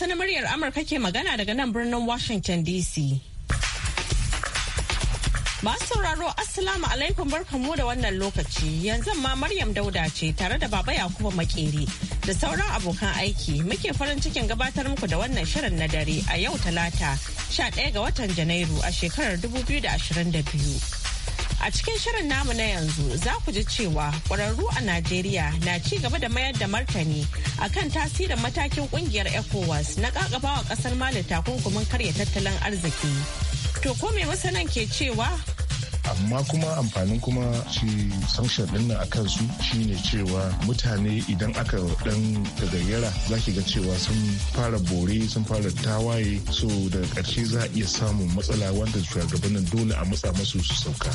Hausa muryar Amurka ke magana daga nan birnin Washington DC. Masu sauraro Assalamu alaikum kamo da wannan lokaci yanzu ma Maryam Dauda ce tare da Baba Yakubu Makeri da sauran abokan aiki muke farin cikin gabatar muku da wannan shirin na dare a yau Talata 11 ga watan Janairu a shekarar 2022. A cikin shirin namu na yanzu za ku ji cewa ƙwararru a Najeriya na ci gaba da mayar da martani akan tasirin matakin ƙungiyar ECOWAS na ƙaƙabawa ƙasar Mali takunkumin karya tattalin arziki. To ko me masanan ke cewa amma kuma amfanin kuma shi sanction din nan akan su shine cewa mutane idan aka dan gayyara za ki ga cewa sun fara bore sun fara tawaye so daga ƙarshe za a iya samun matsala wanda shugabannin dole a matsa masu su sauka.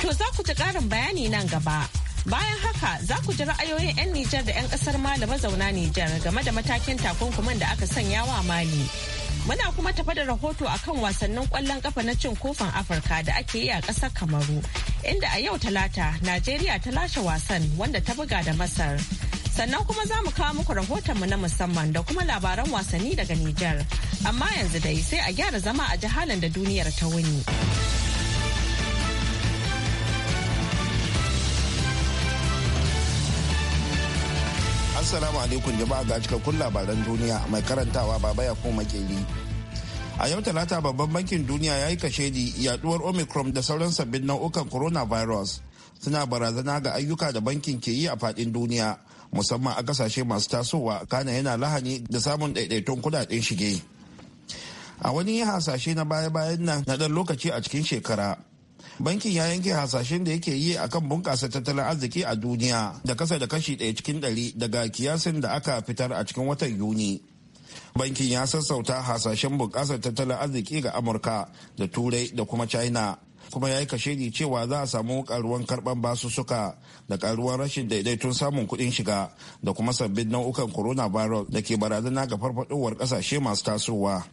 To za ku ji ƙarin bayani nan gaba. Bayan haka za ku ji ra'ayoyin 'yan Nijar da 'yan ƙasar Mali mazauna Nijar game da matakin takunkumin da aka sanya wa Mali. Muna kuma tafa da rahoto akan wasannin kwallon kafa na cin kofan Afirka da ake yi a ƙasar Kamaru, inda a yau Talata, Najeriya ta lashe wasan wanda ta buga da Masar. Sannan kuma za mu kawo muku rahotonmu na musamman da kuma labaran wasanni daga Nijar. Amma yanzu dai sai a gyara zama a jihalin da duniyar ta wuni. Assalamu alaikum jama'a ga cikakkun labaran duniya mai karantawa baba ya ko makeri. A yau talata babban bankin duniya ya yi kashedi yaduwar Omicron da sauran sabbin nau'ukan coronavirus suna barazana ga ayyuka da bankin ke yi a fadin duniya musamman a kasashe masu tasowa kana yana lahani da samun daidaiton kudaden shige. A wani hasashe na baya-bayan nan na dan lokaci a cikin shekara bankin ya yanke hasashen da yake yi akan bunƙasa tattalin arziki a duniya da kasa da kashi ɗaya cikin ɗari daga kiyasin da aka fitar a cikin watan yuni bankin ya sassauta hasashen bunƙasar tattalin arziki ga amurka da turai da kuma china kuma ya yi kashedi cewa za a samu karuwan karban basussuka da karuwan rashin daidaiton samun kuɗin shiga da kuma sabbin nau'ukan coronavirus da ke barazana ga farfadowar ƙasashe masu tasowa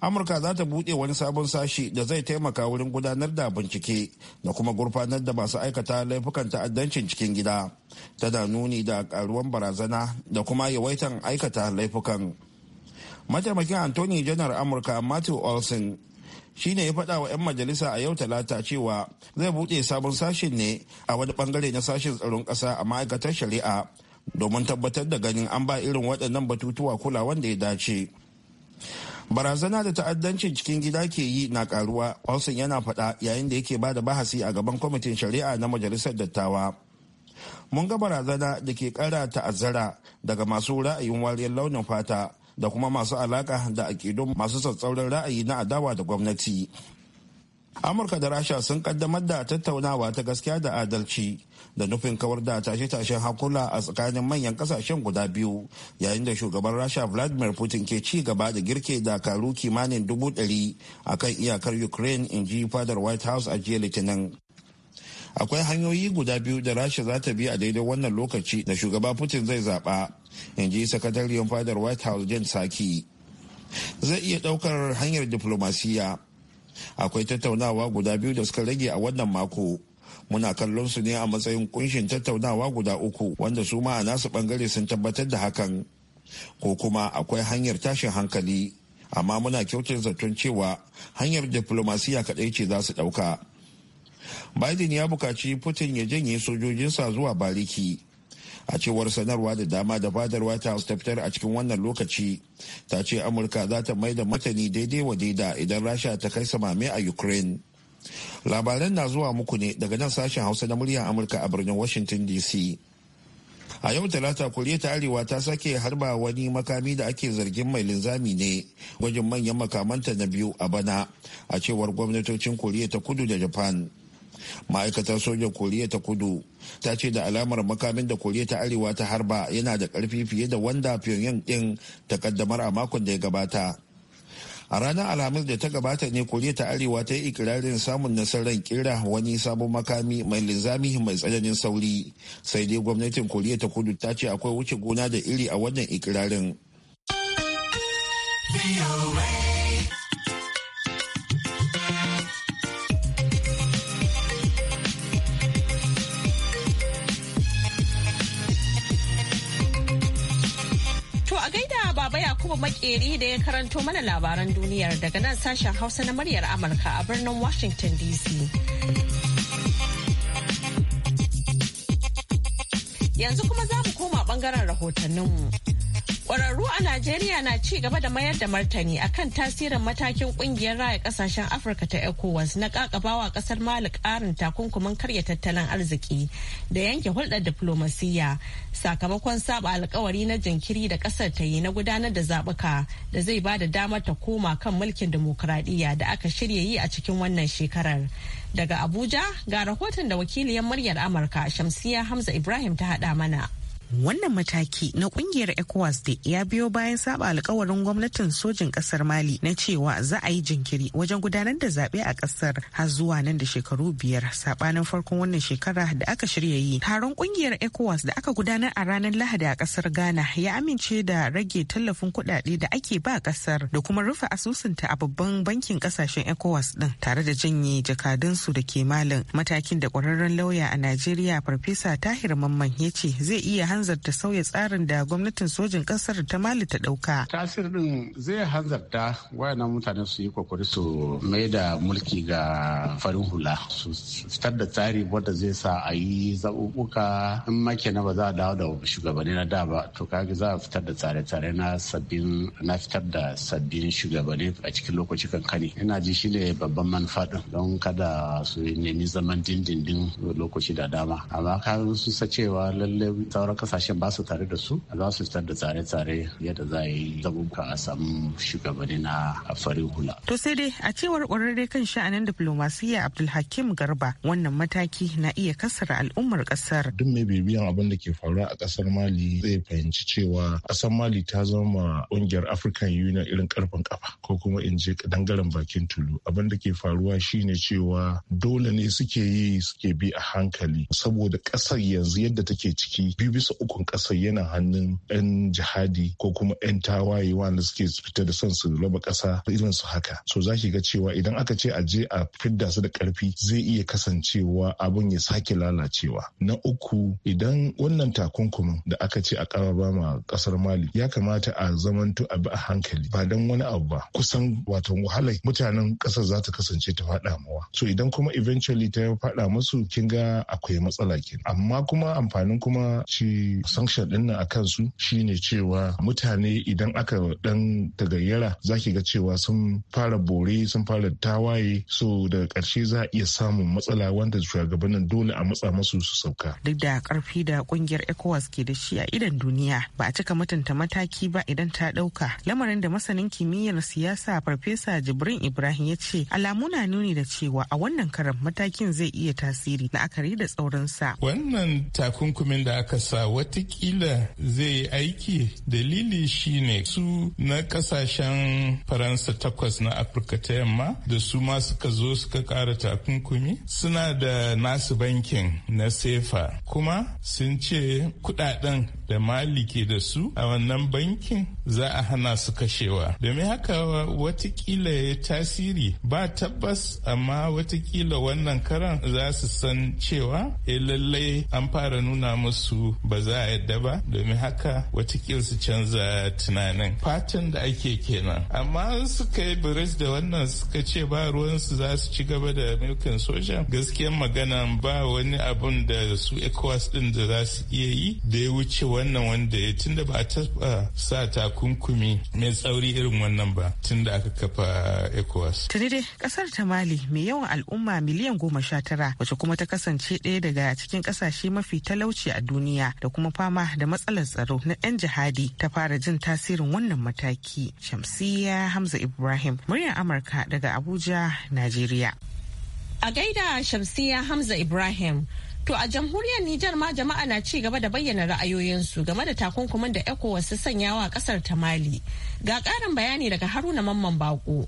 amurka za ta buɗe wani sabon sashi da zai taimaka wurin gudanar da bincike da kuma gurfanar da masu aikata laifukan ta'addancin cikin gida tana nuni da karuwan barazana da kuma yawaitan aikata laifukan mataimakin anthony janar amurka matthew olson shi ne ya faɗa wa 'yan majalisa a yau talata cewa zai buɗe sabon sashin ne a wani bangare na sashin tsaron ƙasa a ma'aikatar shari'a domin tabbatar da ganin an ba irin waɗannan batutuwa kula wanda ya dace barazana da ta'addancin cikin gida ke yi na karuwa olsen yana faɗa yayin da yake ba da bahasi a gaban kwamitin shari'a na majalisar dattawa mun ga barazana da ke kara ta'azzara daga masu ra'ayin wariyar launin fata da kuma masu alaka da akidun masu tsatsauran ra'ayi na adawa da gwamnati amurka da rasha sun kaddamar da tattaunawa ta gaskiya da adalci da nufin kawar da tashe-tashen hakula a tsakanin manyan kasashen guda biyu yayin da shugaban rasha vladimir putin ke ci gaba da girke dakaru kimanin dubu ɗari a kan iyakar ukraine in ji fadar white house a jiya litinin akwai hanyoyi guda biyu da rasha za ta bi a daidai wannan lokaci da shugaba putin zai zaɓa in ji sakatariyar fadar white house jen saki zai iya ɗaukar hanyar diflomasiyya akwai tattaunawa guda biyu da suka rage a wannan mako muna kallon su ne a matsayin kunshin tattaunawa guda uku wanda su ma a nasu bangare sun tabbatar da hakan ko kuma akwai hanyar tashin hankali amma muna kyautar zaton cewa hanyar diplomasiya kaɗai ce za su ɗauka biden ya bukaci putin ya janye sojojinsa zuwa bariki a cewar sanarwa da dama da fadar white ta fitar a cikin wannan lokaci ta ce amurka za ta mai da matani daidai wa daida idan rasha ta kai samame a ukraine labaran na zuwa muku ne daga nan sashen hausa na muryar amurka a birnin washington dc a yau talata koriya ta arewa ta sake harba wani makami da ake zargin mai linzami ne gwajin manyan makamanta na biyu a bana a cewar gwamnatocin koriya ta kudu da japan ma'aikatar sojan koriya ta kudu ta ce da alamar makamin da koriya ta arewa ta harba yana da karfi fiye da wanda pyongyang din ta kaddamar a makon da ya gabata a ranar alhamis da ta gabata ne koriya ta arewa ta yi ikirarin samun nasarar kira wani sabon makami mai linzami mai tsananin sauri sai dai gwamnatin koriya ta kudu ta ce akwai wuce gona da iri a wannan ikirarin. Yakubu Makeri da ya karanto mana labaran duniyar daga nan sashen Hausa na muryar Amurka a birnin Washington DC. Yanzu kuma za mu koma bangaren rahotanninmu. Ƙwararru a Najeriya na ci gaba da mayar da martani a kan tasirin matakin ƙungiyar raya kasashen Afirka ta ECOWAS na ƙaƙabawa kasar Mali ƙarin takunkumin karya tattalin arziki da yanke hulɗar diflomasiyya sakamakon saba alkawari na jinkiri da ƙasar ta yi na gudanar da zaɓuka da zai ba da damar ta koma kan mulkin dimokuraɗiyya da aka shirya yi a cikin wannan shekarar. Daga Abuja ga rahoton da wakiliyar muryar Amurka Shamsiya Hamza Ibrahim ta haɗa mana. Wannan mataki na kungiyar ECOWAS da ya biyo bayan saba alkawarin gwamnatin sojin kasar Mali na cewa za a yi jinkiri wajen gudanar da zaɓe a kasar har zuwa nan da shekaru biyar sabanin farkon wannan shekara da aka shirya yi. Taron kungiyar ECOWAS da aka gudanar a ranar Lahadi a kasar Ghana ya amince da rage tallafin kuɗaɗe da ake ba kasar da kuma rufe asusunta a babban bankin kasashen ECOWAS din tare da janye jakadunsu da ke matakin da ƙwararren lauya a Najeriya Farfesa Tahir Mamman ya ce zai iya hanzarta sauya tsarin da gwamnatin sojin kasar ta mali ta dauka tasirin zai hanzarta wayannan mutane su yi kokari su mai da mulki ga farin hula su fitar da tsari wanda zai sa a yi zaɓuɓɓuka in make na ba za a dawo da shugabanni na da ba to kaga za a fitar da tsare-tsare na sabbin na fitar da sabbin shugabanni a cikin lokaci kankani ina ji shi ne babban manufa din don kada su nemi zaman dindindin lokaci da dama amma ka sun sa cewa lallai sauran kasashen ba su tare da su a za su fitar da tsare-tsare yadda za a yi zabuka a samu shugabanni na farin hula. To sai dai a cewar kwararre kan sha'anin diplomasiya Abdulhakim Garba wannan mataki na iya kasar al'ummar kasar. Duk mai bibiyan abin da ke faruwa a kasar Mali zai fahimci cewa kasar Mali ta zama kungiyar African Union irin karfin kafa ko kuma in je dangaren bakin tulu. Abin da ke faruwa shine cewa dole ne suke yi suke bi a hankali saboda kasar yanzu yadda take ciki biyu bisa ukun ƙasar yana hannun 'yan jihadi ko kuma 'yan tawaye wanda suke fita da son su raba ƙasa irin su haka so za ki ga cewa idan aka ce a je a fidda su da ƙarfi zai iya kasancewa abin ya sake lalacewa na uku idan wannan takunkumin da aka ce a ba ma ƙasar mali ya kamata a zamanto a bi a hankali ba don wani abu ba kusan wato wahalar mutanen ƙasar za ta kasance ta faɗa mawa so idan kuma eventually ta faɗa musu kin ga akwai matsala kenan amma kuma amfanin kuma ci shi sanction din nan akan su shine cewa mutane idan aka dan tagayyara ki ga cewa sun fara bore sun fara tawaye so daga karshe za a iya samun matsala wanda shugabannin dole a matsa masu su sauka duk da karfi da kungiyar ecowas ke da shi a idan duniya ba a cika mutunta mataki ba idan ta dauka lamarin da masanin kimiyyar siyasa farfesa jibrin ibrahim ya ce alamu na nuni da cewa a wannan karan matakin zai iya tasiri la'akari da tsaurinsa wannan takunkumin da aka sa watakila zai yi aiki dalili shine su na kasashen faransa takwas na afirka ta yamma da su ma suka zo suka kara takunkumi suna da nasu bankin na sefa kuma sun ce kudaden da mali ke da su a wannan bankin za a hana su kashewa domin haka watakila ya tasiri ba tabbas amma watakila wannan karan za su san cewa e lallai an fara nuna musu ba za a yadda ba domin haka watakila su canza tunanin fatan da ake kenan amma suka yi biris da wannan suka ce ba ruwansu za su ci gaba da milkin soja Gaskiyar magana ba wani abun da su ecowas din da za su iya yi da ya wuce wannan wanda ya tunda ba a taɓa sa takunkumi mai tsauri irin wannan ba tunda aka kafa ECOWAS. Tuni dai kasar ta Mali mai yawan al'umma miliyan goma sha tara wacce kuma ta kasance ɗaya daga cikin ƙasashe mafi talauci a duniya da kuma fama da matsalar tsaro na 'yan jihadi ta fara jin tasirin wannan mataki. Shamsiyya Hamza Ibrahim, muryar Amurka daga Abuja, Najeriya. A gaida Shamsiya Hamza Ibrahim. To a jamhuriyar Nijar ma jama'a na ci gaba da bayyana ra'ayoyinsu game da takunkumin da ECOWAS su sanya wa kasar ta Mali. Ga ƙarin bayani daga Haruna Mamman Bako.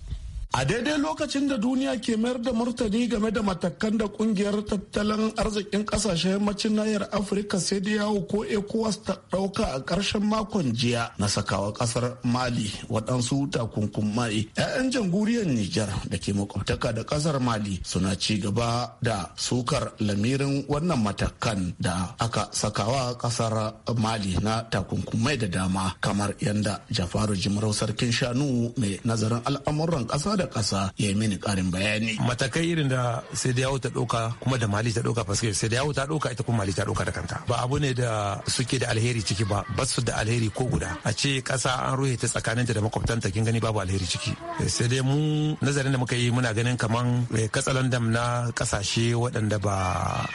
A daidai lokacin da duniya ke mayar da martani game da matakan da kungiyar tattalin arzikin kasashen yammacin nahiyar Afirka sai da yawo ko ECOWAS ta ɗauka a ƙarshen makon jiya na sakawa ƙasar Mali waɗansu takunkumai. 'Ya'yan jamhuriyar Nijar da ke makwabtaka da ƙasar Mali suna ci gaba da sukar lamirin wannan matakan da aka sakawa ƙasar Mali na takunkumai da dama kamar Yanda, Jafaru Jimarau Sarkin Shanu mai nazarin al'amuran ƙasar da ƙasa ya yi mini ƙarin bayani. Matakai irin da sai da ta ɗauka kuma da mali ta ɗauka faske sai da ta ɗauka ita kuma mali ta ɗauka da kanta. Ba abu ne da suke da alheri ciki ba ba su da alheri ko guda. A ce ƙasa an ruhe ta tsakaninta da makwabtanta kin gani babu alheri ciki. Eh, sai dai mu nazarin da muka yi muna ganin kaman eh, katsalandam na ƙasashe waɗanda ba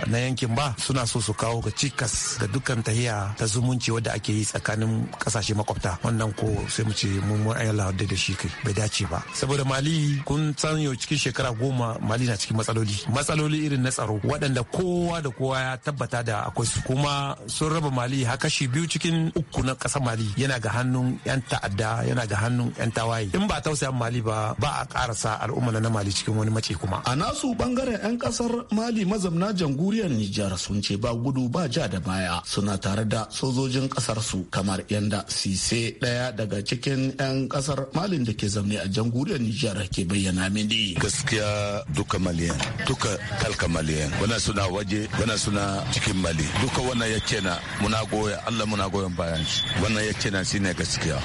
na yankin ba suna so su kawo ga cikas ga dukkan tahiya ta zumunci wadda ake yi tsakanin ƙasashe makwabta wannan ko sai mu ce mun mu ayyala da shi kai bai dace ba saboda mali kun san yau cikin shekara goma mali na cikin matsaloli matsaloli irin na tsaro waɗanda kowa da kowa ya tabbata da akwai su kuma sun raba mali ha kashi biyu cikin uku na ƙasa mali yana ga hannun yan ta'adda yana ga hannun yan tawaye in ba tausaya mali ba ba a karasa al'umma na mali cikin wani mace kuma a nasu bangaren yan ƙasar mali mazamna jamhuriyar nijar sun ce ba gudu ba ja da baya suna tare da sojojin ƙasarsu su kamar yanda sise ɗaya daga cikin yan ƙasar malin da ke zamne a jamhuriyar nijar ke bayyana mini gaskiya duka maliyan duka talka maliyan wannan suna waje wannan suna cikin mali duka wannan ya ce na muna goya Allah muna goyon bayan shi wannan ya ce na shine gaskiya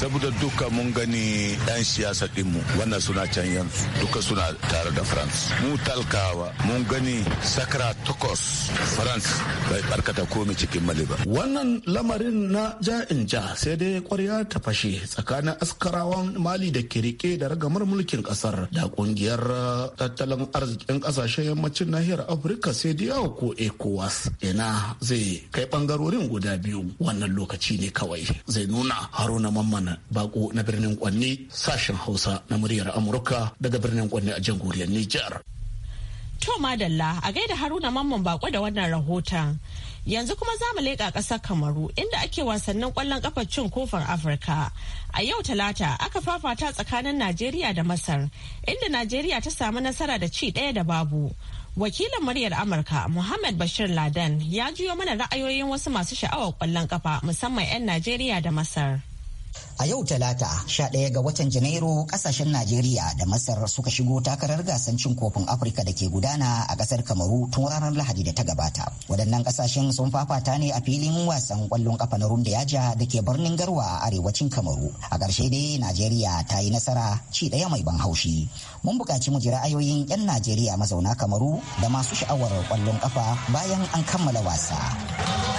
saboda duka mun gani ɗan siyasa din mu wannan suna can yanzu duka suna tare da France mu talkawa mun gani sakara takwas France bai barkata komai cikin mali ba wannan lamarin na ja in ja sai dai kwarya ta fashe tsakanin askarawan mali da kirike da ragamar mulkin kasar da kungiyar uh, tattalin arzikin kasashen yammacin nahiyar afirka sai diyawa ko ecowas ina zai kai bangarorin guda biyu wannan lokaci ne kawai zai nuna haruna mamman bako na birnin kwanne sashen hausa na muryar amurka daga birnin kwanni a jamhuriyar nijar To Madalla a gaida Haruna Mamman bako da wannan rahoton. Yanzu kuma za mu leƙa ƙasar Kamaru inda ake wasannin ƙwallon ƙafar cin kofar Afirka. A yau Talata aka fafata tsakanin Najeriya da Masar inda Najeriya ta samu nasara da ci ɗaya da babu. Wakilin muryar Amurka Muhammad Bashir Laden ya jiyo mana ra'ayoyin wasu masu sha'awar ƙwallon ƙafa musamman 'yan Najeriya da Masar. A yau Talata, 11 ga watan Janairu, ƙasashen Najeriya da Masar suka shigo takarar gasan cin kofin Afirka da ke gudana a ƙasar Kamaru tun ranar Lahadi da ta gabata. Waɗannan ƙasashen sun fafata ne a filin wasan ƙwallon ƙafa na Runda Yaja da ke birnin Garwa a arewacin Kamaru. A ƙarshe dai Najeriya ta yi nasara ci ɗaya mai ban haushi. Mun buƙaci mu ji ra'ayoyin 'yan Najeriya mazauna Kamaru da masu sha'awar ƙwallon ƙafa bayan an kammala wasa.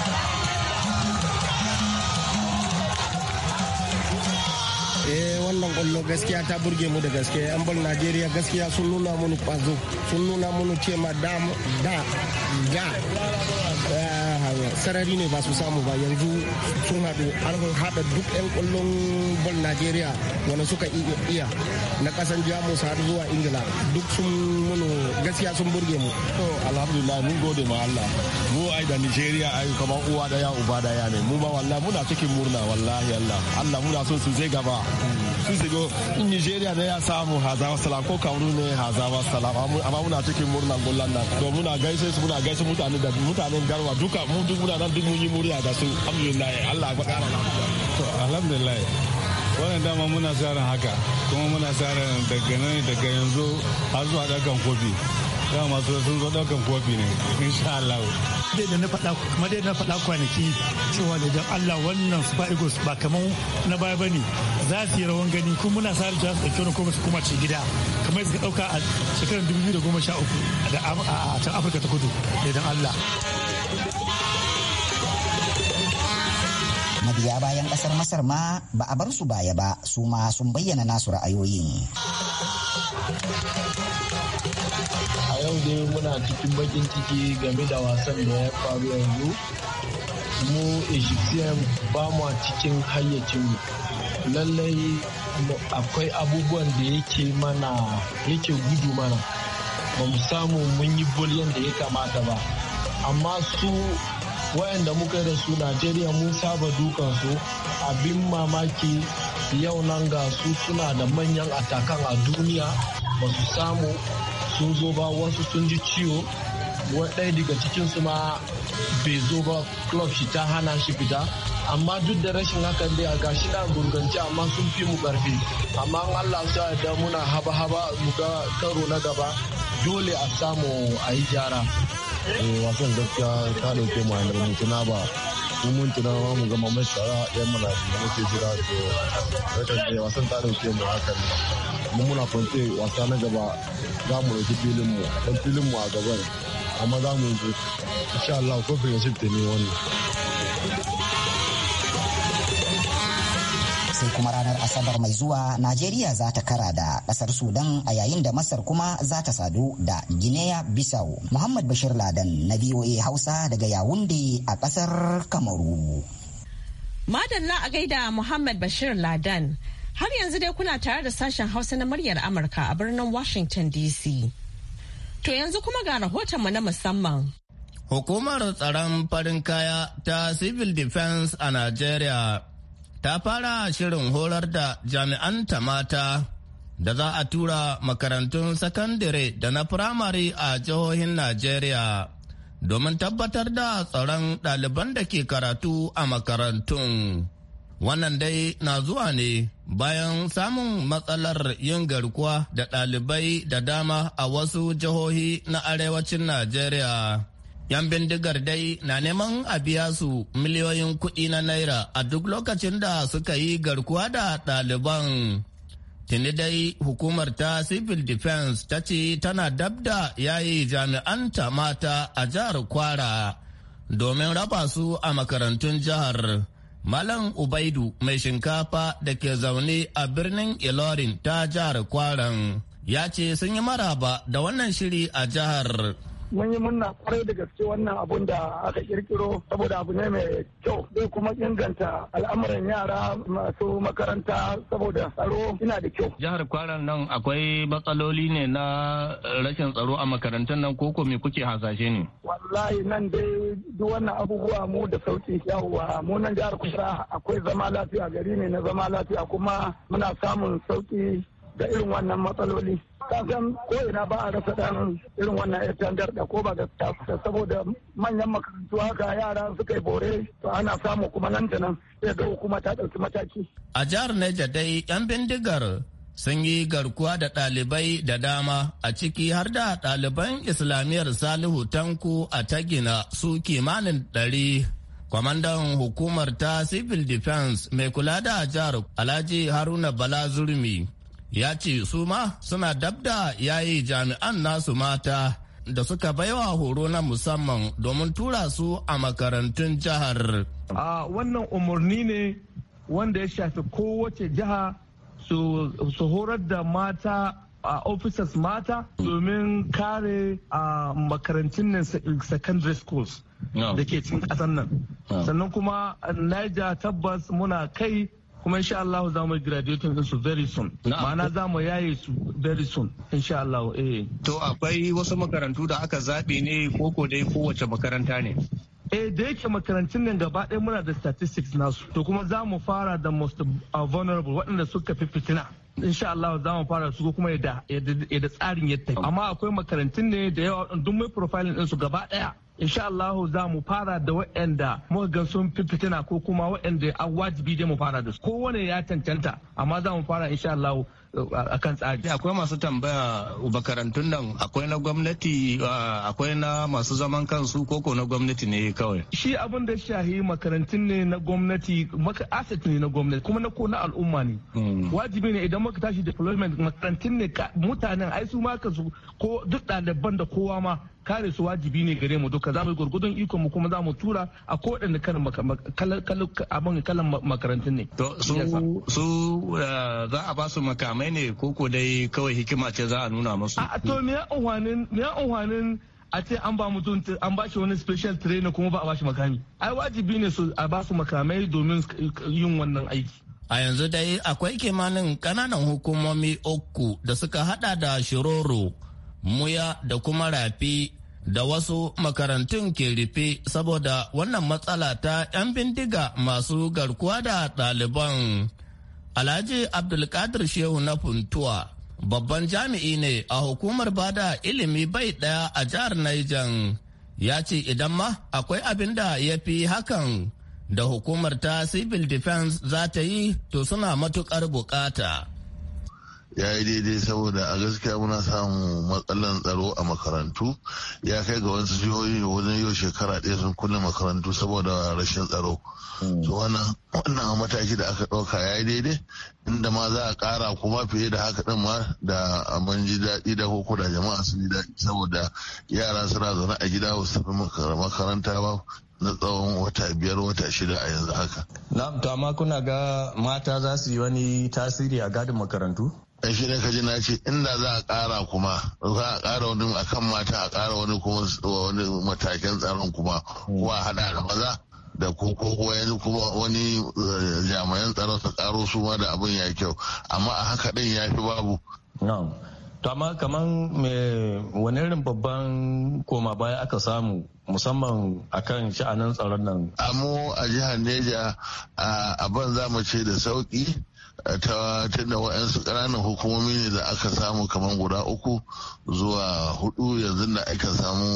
wannan kwallo gaskiya ta burge mu da gaske yan bal najeriya gaskiya sun nuna mun kwazo sun nuna mun cewa da da da eh, sarari ne ba su samu ba yanzu sun haɗu an haɗa duk 'yan ƙwallon bol najeriya wanda suka iya na ƙasan jamus har zuwa ingila duk sun munu gaskiya sun burge mu to alhamdulillah mun gode ma allah mu ai da nigeria ai kama uwa da ya uba da ya ne mu ba wallahi muna cikin murna wallahi allah allah muna so su zai gaba su su go in nigeria ne ya samu hazawa salam ko kauru ne hazawa salam amma muna cikin murna gollan nan to muna gaishe su muna gaishe mutane da mutanen garwa duka mu mu duk muna nan duk mun yi murya su alhamdulillah Allah ya kara to alhamdulillah wannan dama muna tsarin haka kuma muna tsarin daga nan daga yanzu har zuwa ɗaukan kofi dama masu sun zo kofi ne insha Allah dai da na faɗa kuma dai na faɗa kwanaki cewa da Allah wannan Super Eagles ba kamar na baya ba ne za su yi rawan gani kuma muna sa rikiya su ɗauki kuma su kuma ce gida kamar su ɗauka a shekarar 2013 a can Afirka ta kudu da Allah. Mabiya bayan ƙasar Masar ma ba a bar su baya ba su ma sun bayyana nasu ra'ayoyin. A yau dai muna cikin bakin ciki game da wasan da ya faru yanzu. Mu Egyptian ba mu cikin hayyacinmu. Lallai akwai abubuwan da yake mana yake gudu mana. Ba mu samu mun yi bol yadda ya kamata ba. Amma su wayanda muka da su najeriya mun saba dukan su abin mamaki yau nan ga su suna da manyan atakan a duniya ba su samu sun zo ba wasu sun ji ciwo ɗaya daga cikinsu ma bai zo ba club shi ta hana shi fita amma duk da rashin hakan dai a gashi na gurgance amma sun fi mu karfi amma Allah sa da muna haba-haba mu karo na gaba dole a samu a yi jara. Eh, wasan gaskiya ta dauke mu mutu na ba mun mun tuna ma mu gama mai tsara ya mana da muke jira to ka da wasan ta dauke mu hakan mun muna kwance wasa na gaba za mu ɗauki filin mu dan filin mu a gaban amma za mu yi insha Allah ko fi ne wannan kuma ranar asabar mai zuwa najeriya za ta kara da kasar sudan a yayin da masar kuma za ta sadu da guinea bissau muhammad bashir ladan na voa hausa daga yawunde a kasar kamaru madalla a gaida muhammad bashir ladan har yanzu dai kuna tare da sashen hausa na muryar amurka a birnin washington dc to yanzu kuma ga rahoton rahotonmu na musamman Hukumar tsaron farin kaya ta Civil Defense a Najeriya ta fara shirin horar da jami'an ta mata da za a tura makarantun sakandare da na firamare a jihohin Najeriya domin tabbatar da tsaron ɗaliban da ke karatu a makarantun. Wannan dai na zuwa ne bayan samun matsalar yin garkuwa da ɗalibai da dama a wasu jihohi na arewacin Najeriya. 'Yan bindigar dai na neman a biya su miliyoyin kuɗi na naira a duk lokacin da suka yi garkuwa da ɗaliban. Tuni dai hukumar ta Civil Defense ta ce tana dab da yayi ta mata a jihar Kwara domin raba su a makarantun jihar. Malam Ubaidu mai shinkafa da ke zaune a birnin Ilorin ta jihar Kwaran ya ce sun yi maraba da wannan shiri a jihar. mun yi murna kwarai da gaske wannan abun da aka kirkiro saboda abu ne mai kyau zai kuma inganta al'amuran yara masu makaranta saboda tsaro ina da kyau. Jihar Kwaran nan akwai matsaloli ne na rashin tsaro a makarantar nan koko me kuke hasashe ne? Wallahi nan dai duk wannan abubuwa mu da sauki yawwa mu nan jihar kusa akwai zama lafiya gari ne na zama lafiya kuma muna samun sauki da irin wannan matsaloli kasan ko ina ba a rasa dan irin wannan ya tandar da ko ba da saboda manyan makarantu haka yara suka yi bore to ana samu kuma nan da nan sai ga hukuma ta ɗauki mataki. A jihar Neja dai 'yan bindigar sun yi garkuwa da ɗalibai da dama a ciki har da ɗaliban islamiyyar Salihu tanku a Tagina su kimanin ɗari kwamandan hukumar ta civil defense mai kula da jihar alhaji haruna bala zurmi ya ce su ma suna dabda yayi jami'an nasu mata da suka baiwa horo na musamman domin tura su a makarantun jihar. A wannan umarni ne wanda ya shafi kowace jiha su horar da mata a offices mata domin kare a makarantun secondary schools da ke cikin ƙasar nan. Sannan kuma Niger tabbas muna kai kuma insha Allah za mu graduating din su very soon ma'ana za mu yaye su very soon insha Allah eh to akwai wasu makarantu da aka zabe ne koko dai kowace makaranta ne eh da yake makarantun nan gaba ɗaya muna da statistics nasu to kuma za mu fara da most uh, vulnerable waɗanda suka fi fitina insha Allah za mu fara su kuma yadda tsarin yadda amma akwai makarantun ne da yawa duk mai profiling din su gaba ɗaya insha Allahu za mu fara da waɗanda muka ga sun fitina ko kuma waɗanda a wajibi dai mu fara da su kowane ya cancanta amma za mu fara insha Allahu uh, akan tsari. Akwai masu tambaya makarantun nan akwai na gwamnati uh, akwai na masu zaman kansu koko na gwamnati ne kawai. Shi abin da shahi makarantun ne na gwamnati asset ne na gwamnati kuma na ko na al'umma ne. Hmm. Wajibi ne idan muka tashi deployment makarantun ne mutanen ai su ma ko duk ɗaliban da kowa ma kare su wajibi ne gare mu duka za mu yi gurgudun ikon mu kuma za mu tura a kowane kalan makarantun ne. To su eh, za a ba su makamai ne koko dai kawai hikima ce za a nuna musu. A to me ya unhwanin a ce an ba mutum an ba shi wani special trainer kuma ba a ba shi makami. Ai wajibi ne su a ba su makamai domin yin wannan aiki. A yanzu dai akwai kimanin kananan hukumomi uku da suka hada da Shiroro, Muya da kuma Rafi da wasu makarantun ke rufe saboda wannan matsala ta 'yan bindiga masu garkuwa da ɗaliban. Alhaji Abdulkadir Shehu na Funtuwa babban jami'i ne a hukumar bada ilimi bai ɗaya a jihar Niger ya ce idan ma akwai abin da ya fi hakan da hukumar ta civil defense za ta yi to suna matukar bukata. ya yi daidai saboda a gaskiya muna samun matsalan tsaro a makarantu ya kai ga wasu jihohi wajen yau shekara ɗaya sun kulle makarantu saboda rashin tsaro to hmm. wannan mataki da aka ɗauka ya yi daidai inda ma za a ƙara kuma fiye da haka ɗin ma da man ji daɗi da koko da jama'a sun ji daɗi saboda yara suna zaune a gida wasu makaranta ba na tsawon wata biyar wata shida a yanzu haka. Na'am to amma kuna ga mata za su yi wani tasiri a gadin makarantu? dan shi ka ji na ce inda za a kara kuma za a kara wani akan mata a kara wani kuma wani matakin tsaron kuma ko hada da maza da ko wani kuma wani eh, jami'an tsaron su karo su ma da abin ya kyau amma a haka din ya fi babu to amma kaman wani irin babban koma baya aka samu musamman akan sha'anin tsaron nan amo a jihar neja a ban za ce da sauki ta tunda waɗansu ƙananan hukumomi ne da aka samu kamar guda uku zuwa hudu yanzu da aka samu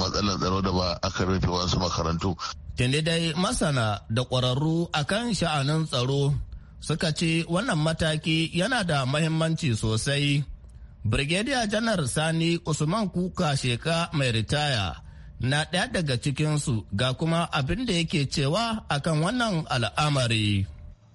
matsalar tsaro da ba aka rufe wasu makarantu. Tunde dai masana da ƙwararru akan sha'anin tsaro suka ce wannan mataki yana da mahimmanci sosai. Brigadier Janar Sani Usman Kuka Sheka mai ritaya na ɗaya daga cikinsu ga kuma abin da yake cewa akan wannan al'amari.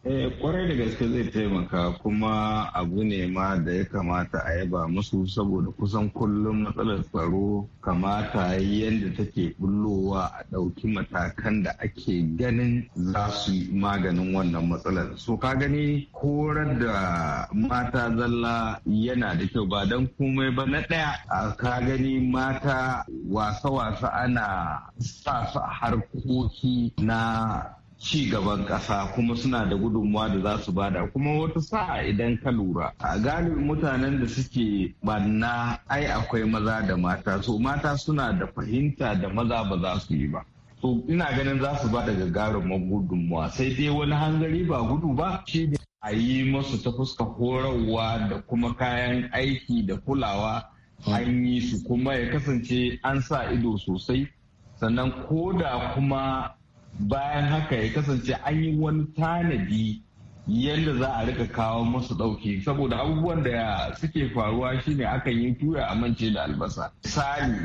Eh kwarai da gaske zai taimaka kuma abu ne ma da ya kamata a yaba musu saboda kusan kullum matsalar tsaro kamata yadda take bullowa a ɗauki matakan da ake ganin za su maganin wannan matsalar. So ka gani korar da mata zalla yana da kyau ba don komai ba na ɗaya a ka gani mata wasa-wasa ana sa su harkoki na ci gaban ƙasa kuma suna da gudunmuwa da za su bada kuma wata sa'a idan ka lura a galibin mutanen da suke banna ai akwai maza da mata so mata suna da fahimta da maza ba za su yi ba so ina ganin za su ba da gagarumin gudunmuwa sai dai wani hangari ba gudu ba shi ne a yi masu ta fuska horarwa da kuma kayan aiki da kulawa an yi su kuma ya kasance an sa ido sosai sannan ko da kuma bayan haka ya kasance an yi wani tanadi yadda za a rika kawo masu ɗauki saboda abubuwan da suke faruwa shine akan yi tuya a mance da albasa misali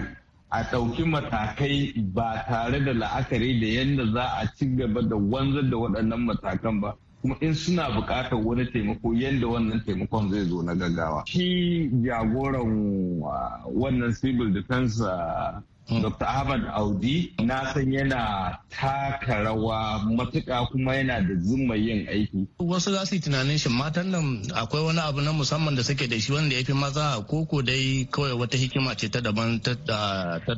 a ɗauki matakai ba tare da la'akari da yadda za a ci gaba da wanzar da waɗannan matakan ba kuma in suna buƙatar wani taimako yadda wannan taimakon zai zo na gaggawa shi jagoran ah, wannan civil defense ah, Dr. Ahmad Audi na san yana taka rawa matuka kuma yana da zuma yin aiki. Wasu za su yi tunanin shi matan nan akwai wani abu na musamman da suke da shi wanda ya fi maza koko dai kawai wata hikima ce ta daban ta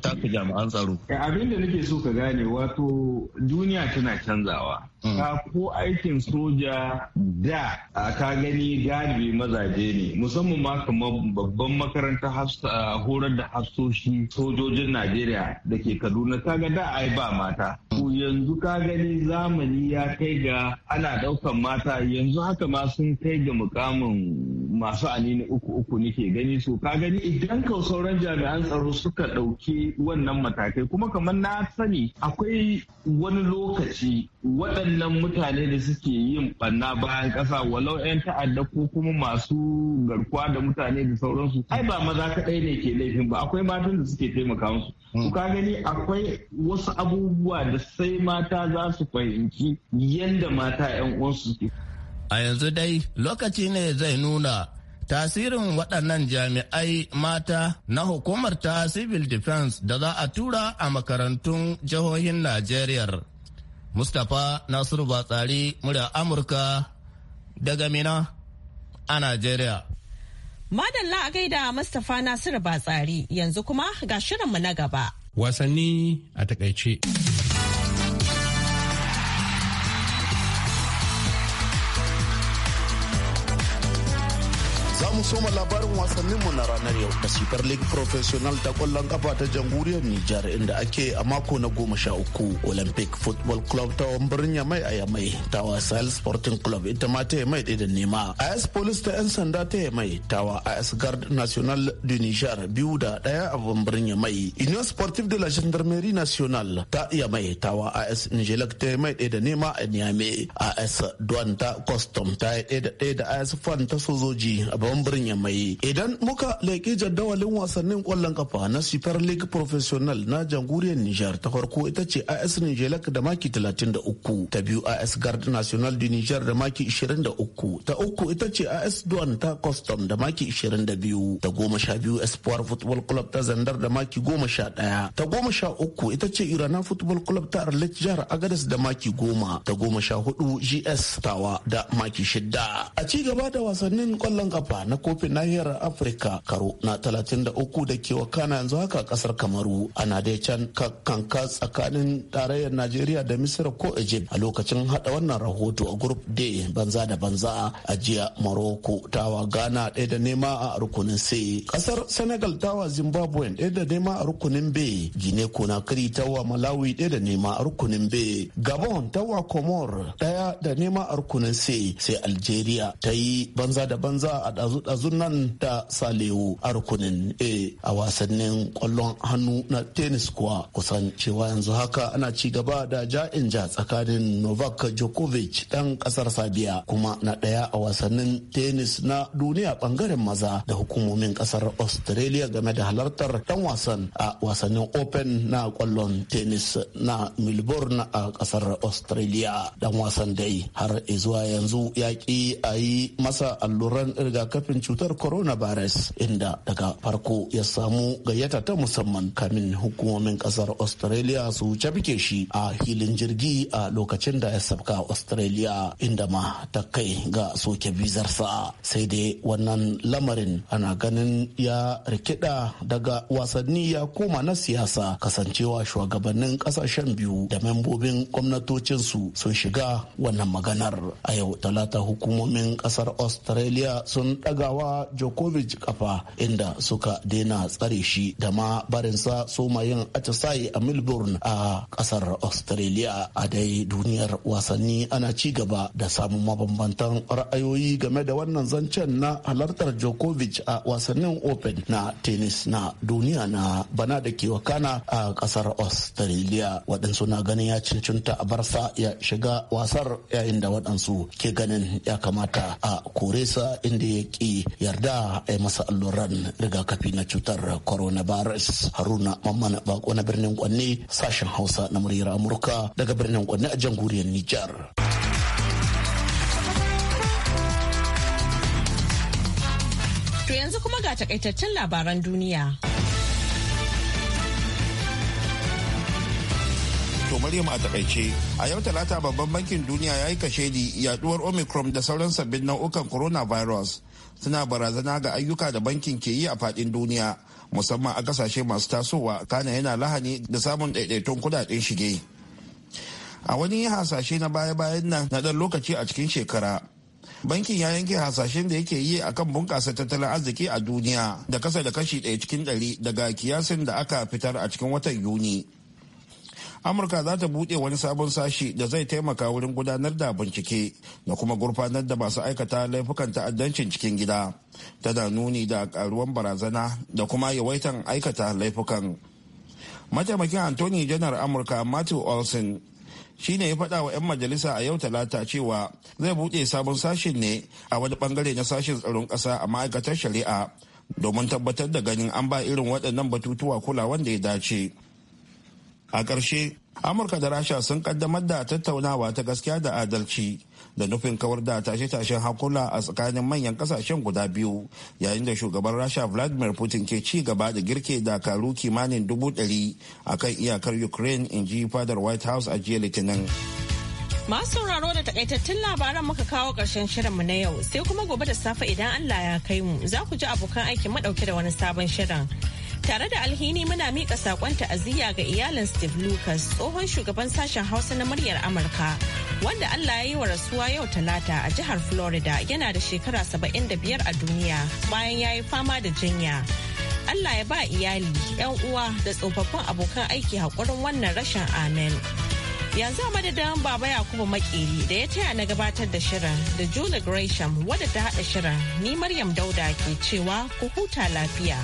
tafi jami'an tsaro. Eh, abin da nake so ka gane wato duniya tana canzawa. Ka hmm. ah, ko aikin soja da ka gani galibi mazaje ne musamman ma kamar babban makarantar ah, horar da hafsoshi sojojin Najeriya. Najeriya da ke Kaduna ta ga da ai ba mata. yanzu ka gani zamani ya kai ga ana ɗaukan mata yanzu haka ma sun kai ga mukamin masu anini uku uku nike gani su ka gani idan ka sauran jami'an tsaro suka ɗauki wannan matakai kuma kamar na sani akwai wani lokaci waɗannan mutane da suke yin ɓanna bayan ƙasa walau 'yan ta'adda ko kuma masu garkuwa da mutane da sauransu ai ba maza kaɗai ne ke laifin ba akwai matan da suke taimaka musu ku hmm. ka gani akwai wasu abubuwa da sai mata za su fahimci yadda mata 'yan uwansu ke a yanzu dai lokaci ne zai nuna tasirin waɗannan jami'ai mata na hukumar ta civil defense da za a tura a makarantun jihohin najeriya Mustapha Nasiru Batsari murya Amurka daga Mina a Najeriya. Madalla a gaida Mustapha Nasiru Batsari yanzu kuma ga shirinmu na gaba. Wasanni a takaice. soma labarin wasanninmu na ranar yau da super league professional ta kwallon kafa ta jamhuriyar Nijar inda ake a mako na goma sha uku Olympic Football Club ta wambarin mai a mai tawa wasa Sporting Club ita ma ta ɗaya da nema. AS Police ta 'yan sanda ta Yamai tawa AS Guard National du Nijar biyu da daya a wambarin mai Union Sportive de la Gendarmerie Nationale ta ta tawa AS Nijelak ta ɗaya da nema a Niamey. AS Duan ta Custom ta yi da ɗaya da AS Fan ta Sojoji a wambarin ya mai Idan muka leƙi jaddawalin wasannin ƙwallon kafa na Super League Professional na jamhuriyar Nijar ta farko ita ce AS Nijelak da maki 33, ta biyu AS Guard National du Nijar da maki 23, ta uku ita ce AS Duan ta Custom da maki 22, ta goma sha biyu Espoir Football Club ta Zandar da maki goma sha daya ta goma sha uku ita ce Irana Football Club ta Arlet Jihar Agadez da maki goma, ta goma sha hudu GS Tawa da maki shidda. A ci gaba da wasannin ƙwallon kafa na na kofin nahiyar afirka karo na 33 da ke wakana yanzu haka kasar kamaru ana dai can kanka tsakanin tarayyar najeriya da misira ko egypt a lokacin hada wannan rahoto a group d banza da banza a jiya morocco tawa ghana ɗaya da nema a rukunin c kasar senegal tawa zimbabwe ɗaya da nema a rukunin b gine kiri tawa malawi ɗaya da nema a rukunin b gabon tawa komor ɗaya da nema a rukunin c sai algeria ta yi banza da banza a ɗazu a nan da salewu a rukunin A a wasannin kwallon hannu na tennis kuwa kusan cewa yanzu haka ana ci gaba da ja'in ja tsakanin Novak Djokovic ɗan ƙasar Sabiya kuma na ɗaya a wasannin tennis na duniya ɓangaren maza da hukumomin ƙasar Australia game da halartar ɗan wasan a wasannin Open na kwallon tennis na Melbourne a ƙasar Australia. dan wasan dai har zuwa yanzu ya ki a yi masa alluran rigakafin zazzabin cutar coronavirus inda daga farko ya samu gayyata ta musamman kamin hukumomin kasar australia su cafke shi a hilin jirgi a lokacin da ya sabka australia inda ma ta kai ga soke bizarsa sai dai wannan lamarin ana ganin ya rikida daga wasanni ya koma na siyasa kasancewa shugabannin kasashen biyu da membobin gwamnatocinsu sun shiga wannan maganar a yau talata hukumomin kasar australia sun daga ɗorawa Djokovic kafa inda suka daina tsare shi da ma barinsa soma yin atisaye a Melbourne a ƙasar Australia a dai duniyar wasanni ana ci gaba da samun mabambantan ra'ayoyi game da wannan zancen na halartar Djokovic a wasannin Open na tennis na duniya na bana da ke wakana a ƙasar Australia waɗansu na ganin ya cincinta a barsa ya shiga wasar yayin da waɗansu ke ganin ya kamata a kore sa inda ya ƙi yarda a yi masa alluran rigakafi na cutar coronavirus haruna mamman bako na birnin kwanne sashen hausa na muryar amurka daga birnin kwanne a jamhuriyar nijar To yanzu kuma ga takaitaccen labaran duniya. To Maryam a takaice, a yau talata babban bankin duniya ya yi kashedi yaduwar Omicron da sauran sabbin nau'ukan coronavirus suna barazana ga ayyuka da bankin ke yi a fadin duniya musamman a kasashe masu tasowa kana yana lahani da samun daidaiton kudaden shige a wani hasashe na baya-bayan nan na dan lokaci a cikin shekara bankin ya yanke hasashen da yake yi a kan bunƙasa tattalin arziki a duniya da kasa da kashi ɗaya cikin ɗari daga kiyasin da aka fitar a cikin watan yuni amurka za ta buɗe wani sabon sashi da zai taimaka wurin gudanar da bincike da kuma gurfanar da masu aikata laifukan ta'addancin cikin gida tana nuni da karuwan barazana da kuma yawaitan aikata laifukan mataimakin anthony janar amurka matthew olson shi ne ya faɗa wa 'yan majalisa a yau talata cewa zai buɗe sabon sashin ne a wani bangare na sashin tsaron ƙasa a ma'aikatar shari'a domin tabbatar da ganin an ba irin waɗannan batutuwa kulawan da ya dace a ƙarshe amurka da rasha sun kaddamar da tattaunawa ta gaskiya da adalci da nufin kawar da tashe-tashen hakula a tsakanin manyan kasashen guda biyu yayin da shugaban rasha vladimir putin ke ci gaba da girke dakaru kimanin dubu ɗari a kan iyakar ukraine in ji fadar white house a jiya litinin masu sauraro da takaitattun labaran muka kawo ƙarshen shirinmu na yau sai kuma gobe da safe idan allah ya kai mu za ku ji abokan aikin madauke da wani sabon shirin Tare da alhini muna miƙa saƙon ta'aziyya ga iyalin Steve Lucas tsohon shugaban sashen Hausa na muryar Amurka wanda Allah ya yi wa rasuwa yau talata a jihar Florida yana da shekara 75 a duniya bayan ya yi fama da jinya. Allah ya ba iyali, 'yan uwa da tsofaffin abokan aiki haƙurin wannan rashin amen. yanzu a madadin baba yakubu makeri da ya taya na gabatar da shirin da julie gresham wadda ta haɗa shirin ni maryam dauda ke cewa ku huta lafiya.